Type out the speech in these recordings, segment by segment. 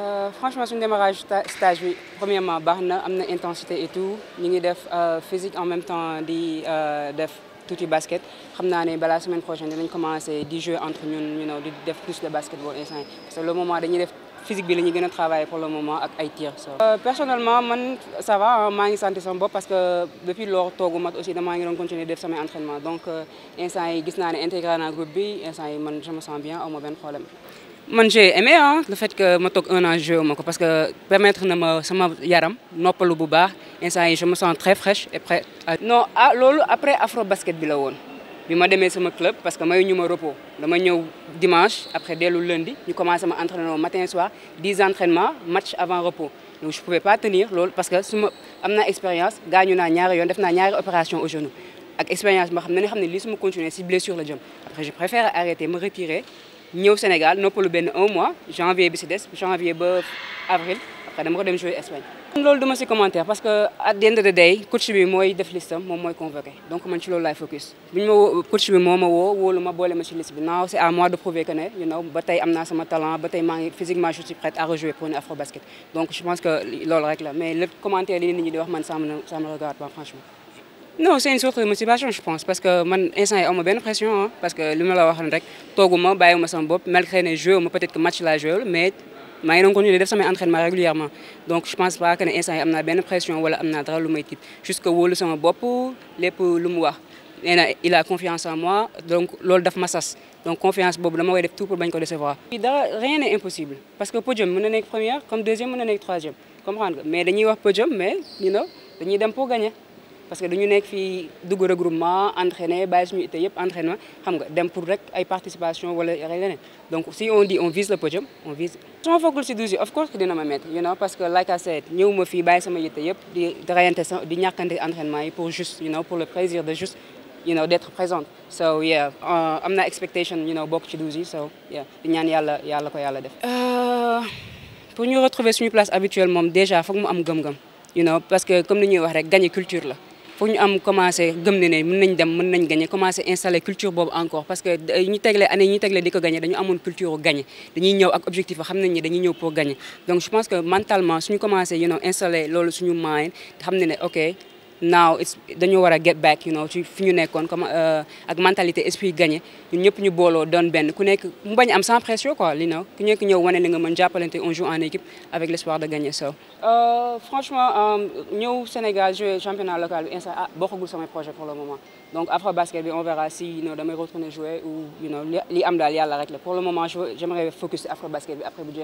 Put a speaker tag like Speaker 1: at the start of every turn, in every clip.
Speaker 1: Euh, franchement suñu démarrage stage bi premièrement baax na am na intensité et tout ñu ngi def euh, physique en même temps di euh, def tuuti basket xam naa ne balaa semaine prochaine dinañ commencer di jouer entre ñun ñu know di def plus de basketball instant parce que le moment dañuy def physique bi la ñuy gën a travailler pour le moment ak ay tir so euh, personnellement man ça maa ngi santé sama bopp parce que depuis loolu toogu mat aussi damaa ngi doon continuer def samay entraînement donc euh, instant yi gis naa ne intégré naa groupe bi instant yi man je me sens bien aw ma problème man j'ai aimé ah le fait que ma toog un an joué ma ko parce que permettre na ma sama yaram noppalu bu baax instant yi je me sens très fraîche et prête non ah, loolu après afro basket bi la woon bi ma demee sama club parce que mayu ñu ma repos dama ñëw dimanche après dellu lundi ñu commencé ma entraînement matin soir 10 entraînements match avant repos donc je pouvais pas tenir loolu parce que su ma am naa expérience gaañu naa ñaari yoon def naa ñaari opération au genou ak ne xam ne lii su ma si blessure la jëm après je préfère arrêter me retirer ñëw Sénégal noppalu benn un mois janvier bi si des janvier ba avril après dama ko dem jouer Espagne. loolu du ma si commentaire parce que at the end of day coach mooy def listam moom mooy convoqué donc man ci focus. bu ñu ma woo coach ma boole ma ci liste bi c'est à moi de prouver que ne you am naa sama talent ba tey maa ngi physiquement je suis prête à rejouer pour une donc je pense que loolu rek mais lépp commentaire li nit ñi wax man ça regarde pas franchement. non c'est une source motivation je pense maa ngi doon continuer def samay entraînement régulièrement donc je pense pas que ne instant yi benn pression wala am naa dara lu may wax il a confiance en moi donc loolu daf ma sas donc confiance boobu dama koy def tout pour bañ ko décevoir. rien n'est impossible parce que podium mën na nekk première comme deuxième mën na nekk troisième comprendre nga mais dañuy wax podium mais you know dañuy pour gagner. parce que dañu nekk fii dugg regroupement entraîner bàyyi suñu itte yëpp entraînement xam nga dem pour rek ay participation wala leneen donc si on dit on vise le podium on vise. su ma foogul si douze yi of course dina ma métti you know parce que like I said ñëw ma fii bàyyi sama yitte yëpp di sa di ñàkkante entraînement yi pour juste you know pour le plaisir de juste d'être présente so yeah euh, am na expectation you know bokk ci douze yi so yeah di ñaan yàlla yàlla ko yàlla def. Euh, pour ñu retrouver moom déjà foog mu am que comme ni ñuy wax rek gagner culture la. foog ñu am commencé gëm ne ne mën nañ dem mën nañ gagné commencé installer culture boobu encore parce que euh, ñu teglee année ñu teglee di ko gagné dañu amoon culture u gagné dañuy ñëw ak objectif a xam nañ ne dañuy ñëw pour gagné donc je pense que mentalement suñu commencé you know installer loolu suñu mind xam ne ne ok now it's dañoo war a get back you fi ñu nekkoon comme euh, ak mentalité esprit gagné ñun ñëpp ñu booloo doon benn ku nekk mu bañ am sans pression ko li now ku nekk ñëw wane li nga mën jàppalante on joue en équipe avec l'espoir de gagner so euh, franchement euh, ñëw Sénégal jouer championnat local bi instant ah bokkagul projet pour le moment donc après basket on verra si you know damay retourner jouer ou li am daal yàlla rek la pour le moment j'aimerais focus afro basket bi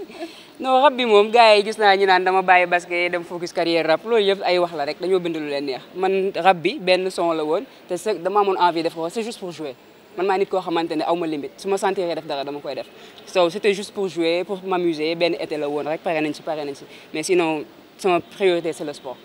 Speaker 1: non rab bi moom gars yi gis naa ñi naan dama bàyyi basket dem focus carrière rab loolu yëpp ay wax la rek dañoo bind lu leen neex man rab bi benn son la woon te sa dama amoon envie def ko c'est juste pour jouer man maa nit koo xamante ne aw ma limite su ma sentiree def dara dama koy def so c'était juste pour jouer pour m'amuser benn été la woon rek pare nañ ci pare nañ ci mais sinon sama priorité c'est le sport